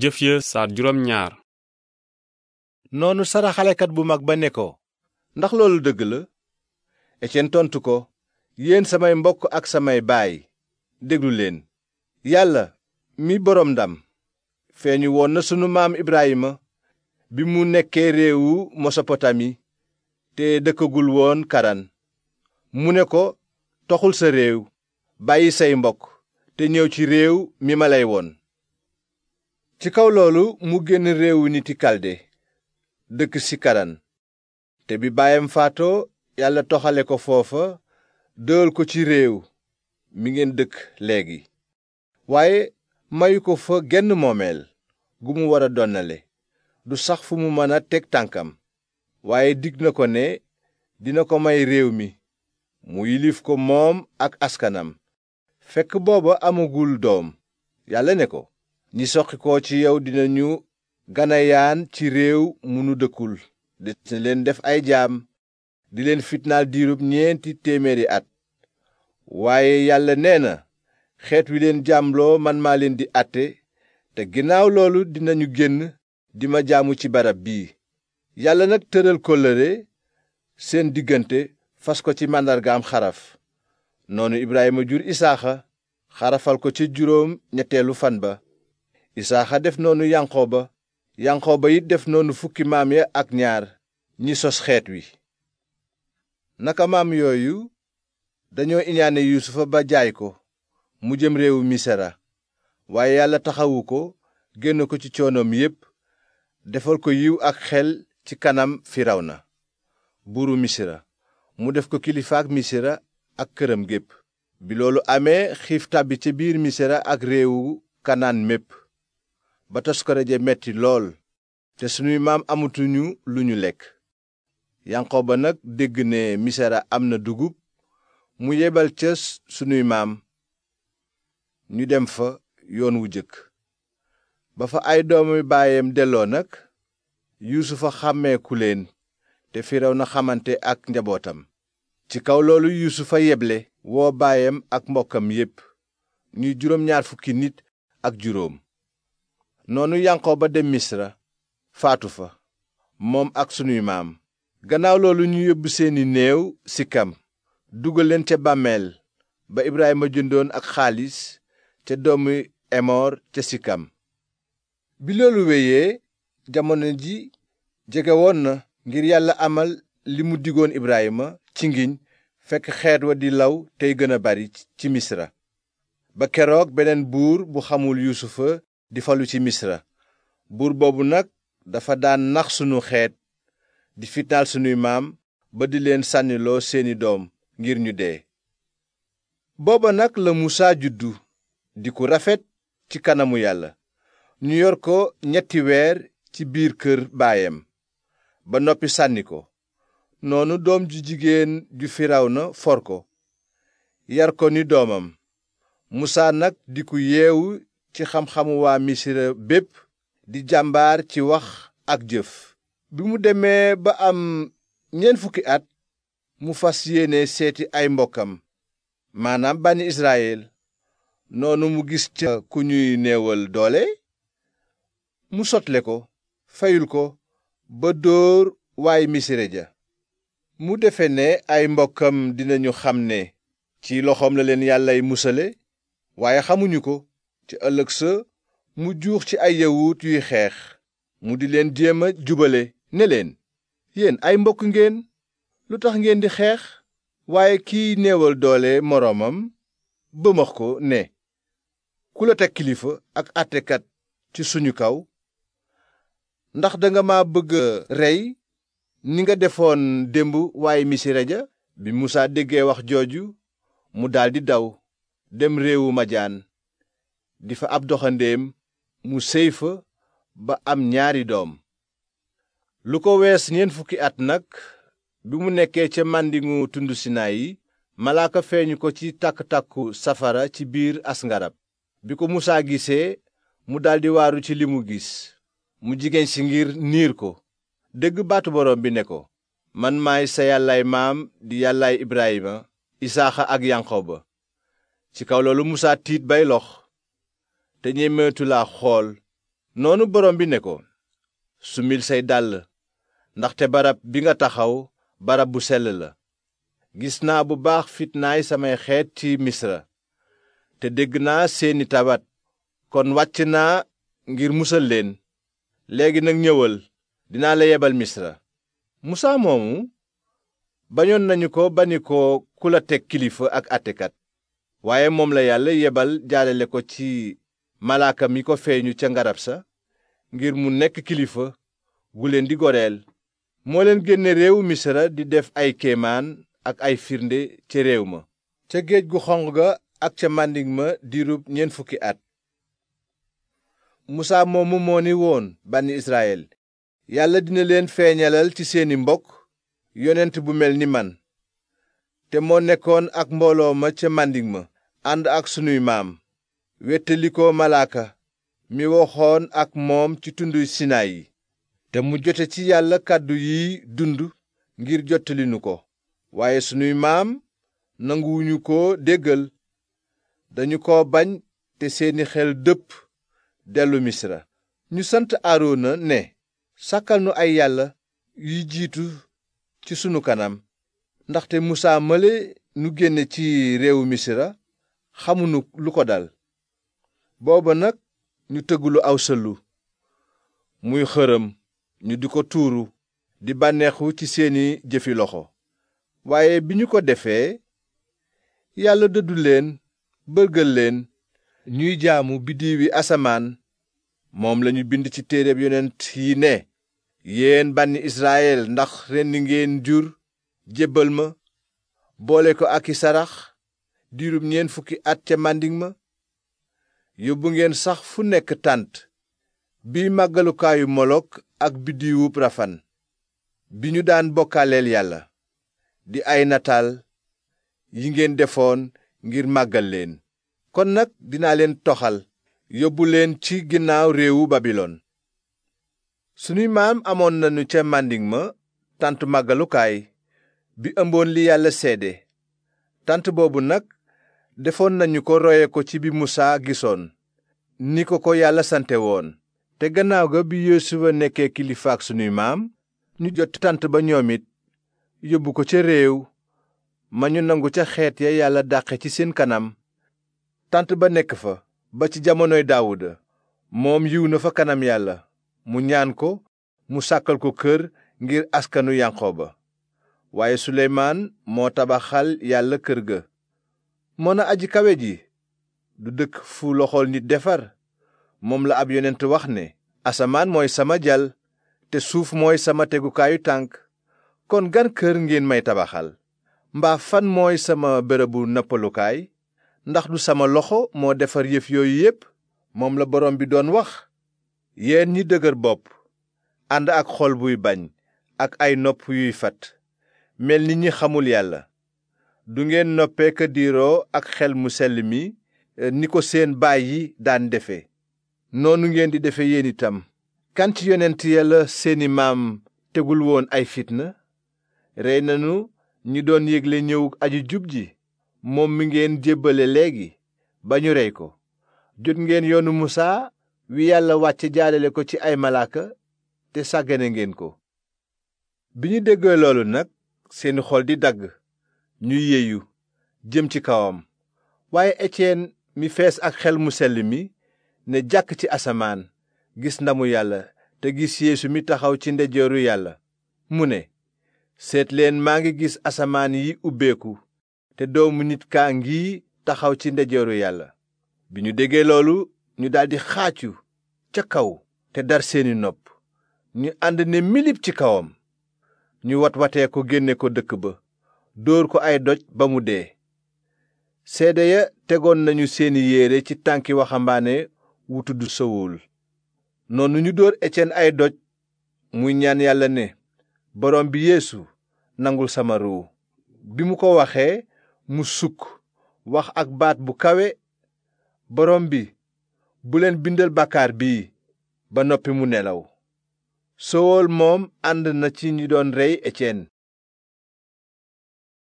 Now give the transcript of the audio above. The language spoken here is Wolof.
jëf ya saar noonu saraxalekat bu mag ba ne ko ndax loolu dëgg la Etienne tontu ko yéen samay mbokk ak samay baay déglu leen yàlla mi boroom ndam feeñu woon na sunu maam ibraayima bi mu nekkee réewu Mesopotami te dëkkagul woon Karan mu ne ko toxul sa réew bàyyi say mbokk te ñëw ci réew mi ma lay woon ci kaw loolu mu génn réewu niti kalde dëkk si karan te bi baayam faatoo yàlla toxale ko foofa dëwal ko ci réew mi ngeen dëkk léegi waaye mayu ko fa genn moomeel gu mu war a donnale du sax fu mu mën a teg tànkam waaye digg na ko ne dina ko may réew mi mu yilif ko moom ak askanam fekk booba amagul doom yàlla ne ko ñi soqi ko ci yow ñu ganayaan ci réew mu nu dëkkul des na leen def ay jaam di leen fitnaal diirub ñeenti téeméeri at waaye yàlla nee na xeet wi leen jaamloo man maa leen di àtte te ginnaaw loolu dinañu génn di ma jaamu ci barab bii yàlla nag tëral kóllëre seen diggante fas ko ci màndargaam xaraf noonu Ibrahima jur Isaaxa xarafal ko ci juróom ñetteelu fan ba isaaxa def noonu yanqooba yanqooba it def noonu fukki maam ya ak ñaar ñi sos xeet wi naka maam yooyu dañoo iñaane yuusufa ba jaay ko mu jëm réewu misira waaye yàlla taxawu ko génn ko ci coonoom yépp defal ko yiw ak xel ci kanam na buuru misira mu def ko kilifaak misira ak këram gépp bi loolu amee xiif tàbbi ci biir misira ak réewu kanaan mépp ba toskare ja metti lool te sunuy maam amatuñu lu ñu lekk ba nag dégg ne misira am na dugub mu yebal ca sunuy maam ñu dem fa yoon wu jëkk ba fa ay doomi baayam delloo nag yuusufa xàmmeeku leen te firaw na xamante ak njabootam ci kaw loolu yuusufa yeble woo baayam ak mbokkam yépp ñuy juróom ñaar fukki nit ak juróom noonu yanqooba dem misra faatu fa moom ak sunuy maam gannaaw loolu ñu yóbbu seeni néew sikkam dugal leen ca bàmmeel ba ibrahima jëndoon ak xaalis ca doomu emoor ca sikam bi loolu wéyee jamono ji jege woon na ngir yàlla amal li mu digoon ibraayima ci ngiñ fekk xeet wa di law tey gën a bari ci misra ba keroog beneen buur bu xamul yuusufa di falu ci misra buur boobu nag dafa daan nax sunu xeet di fitnaal sunuy maam ba di leen sànniloo seeni doom ngir ñu dee booba nag la musaa juddu di ku rafet ci kanamu yàlla ñu yor ko ñetti weer ci biir kër baayam ba noppi sànni ko noonu doom ju jigéen ju firawna for ko yar ko ni doomam musaa nag di ku yeewu ci xam-xamu waa misira bépp di jàmbaar ci wax ak jëf bi mu demee ba am ñeent fukki at mu fas yéene seeti ay mbokkam maanaam bànni Israyil noonu mu gis ca ku ñuy néewal doole mu sotle ko fayul ko ba dóor waay misire ja mu defe ne ay mbokkam dinañu xam ne ci loxoom la leen yàllay musale waaye xamuñu ko ci ëllëg sa mu juux ci ay yawut yuy xeex mu di leen jéem a jubale ne leen yéen ay mbokk ngeen lu tax ngeen di xeex waaye kiy néewal doole moroomam bëmax ko ne ku la teg kilifa ak àttekat ci suñu kaw ndax danga ma bëgg rey ni nga defoon démb waaye misira ja bi Musaa déggee wax jooju mu daldi daw dem réewu Majaan di fa ab doxandeem mu séy fa ba am ñaari doom lu ko wees ñeent fukki at nag bi mu nekkee ca màndingu tund sinaay yi malaaka feeñu ko ci tàkk-tàkku safara ci biir as bi ko musaa gisee mu daldi waaru ci li mu gis mu jigéen si ngir niir ko dégg baatu borom bi ne ko man may sa yàllaay maam di yàllaay ibrahima isaaxa ak ba ci kaw loolu musaa tiit bay lox te ñemeetu laa xool noonu borom bi ne ko sumil say dàll ndaxte barab bi nga taxaw barab bu sel la gis naa bu baax fitnaay samay xeet ci misra te dégg naa seeni tabat kon wàcc naa ngir musal leen léegi nag ñëwal dinaa la yebal misra musaa moomu bañoon nañu ko bani ko ku la teg kilifa ak àttekat waaye moom la yàlla yebal jaalale ko ci malaaka mi ko feeñu ca ngarab sa ngir mu nekk kilifa gu leen di goreel moo leen génne réew misra di def ay kéemaan ak ay firnde ca réew ma ca géej gu xonq ga ak ca màndik ma diirub ñeent fukki at musaa moomu moo ni woon bànni israyil yàlla dina leen feeñalal ci seeni mbokk yonent bu mel ni man te moo nekkoon ak mbooloo ma ca màndik ma ànd ak sunuy maam wettalikoo malaaka mi waxoon ak moom ci tund sinaay yi te mu jote ci yàlla kàddu yi dund ngir jottalinu ko waaye sunuy maam nanguwuñu ko déggal dañu ko bañ te seeni xel dëpp dellu misira ñu sant aarona ne sàkkal nu ay yàlla yuy jiitu ci sunu kanam ndaxte musaa male nu génne ci réew misra xamunu lu ko dal booba nag ñu tëggulu aw sëllu muy xërëm ñu di ko tuuru di bànneexu ci seeni jëfi loxo waaye bi ñu ko defee yàlla dëddu leen bërgël leen ñuy jaamu biddiwi asamaan moom lañu bind ci téere yonent yi ne yéen bànni Israël ndax rendi ngeen jur jébbal ma boole ko ak i sarax diirub ñeent fukki at ca màndiŋ ma yóbbu ngeen sax fu nekk tànt bi màggalukaayu molok ak biddiwub rafan bi ñu daan bokkaaleel yàlla di ay nataal yi ngeen defoon ngir màggal leen kon nag dinaa leen toxal yóbbu leen ci ginnaaw réewu babilon sunuy maam amoon nañu ca màndiŋ ma tànt màggalukaay bi ëmboon li yàlla seede tànt boobu nag defoon nañu ko roye ko ci bi musaa gisoon ni ko ko yàlla sante woon te gannaaw ga bi Yosuwa nekkee kilifaak sunuy maam ñu jot tànt ba ñoom yóbbu ko ca réew ma ñu nangu ca xeet ya yàlla dàqe ci seen kanam tànt ba nekk fa ba ci jamonoy daawuda moom yiw na fa kanam yàlla mu ñaan ko mu sàkkal ko kër ngir askanu ba waaye suleymaan moo tabaxal yàlla kër ga mën a aji kawe ji du dëkk fu loxol nit defar moom la ab yonent wax ne asamaan mooy sama jal te suuf mooy sama tegukaayu tànk kon gan kër ngeen may tabaxal mbaa fan mooy sama bërëbu nappalukaay ndax du sama loxo moo defar yëf yooyu yépp moom la borom bi doon wax yéen ñi dëgër bopp ànd ak xol buy bañ ak ay nopp yuy fat mel ni ñi xamul yàlla du ngeen noppee ka diiroo ak xel mu sell mi eh, ni ko seen baay yi daan defe noonu ngeen di defe yéen itam kan ci yonent yàlla seeni maam tegul woon ay fitna rey nanu ñi doon yégle ñëw aju jub ji moom mi ngeen jébbale léegi ba ñu rey ko jot ngeen yoonu musaa wi yàlla wàcce jaarale ko ci ay malaaka te sàggane ngeen ko bi ñu déggee loolu nag seeni xool di dagg ñu yeyu jëm ci kawam waaye Etiyen mi fees ak xel mu sell mi ne jàkk ci asamaan gis ndamu yàlla te gis yéesu mi taxaw ci ndeyjooru yàlla mu ne seet leen maa ngi gis asamaan yi ubbeeku te doomu nit kaa ngi taxaw ci ndeyjooru yàlla bi ñu déggee loolu ñu daldi xaacu ca kaw te dar seeni nopp ñu ànd ne milip ci kawam ñu wat watee ko génne ko dëkk ba dóor ko ay doj ba mu dee seede ya tegoon nañu seeni yéere ci tànki waxambaane wu tudd sowul noonu ñu dóor Étienne ay doj muy ñaan yàlla ne borom bi yéesu nangul sama ruu bi mu ko waxee mu sukk wax ak baat bu kawe borom bi buleen bindal bàkkaar bii ba noppi mu nelaw sowol moom ànd na ci ñi doon rey Étienne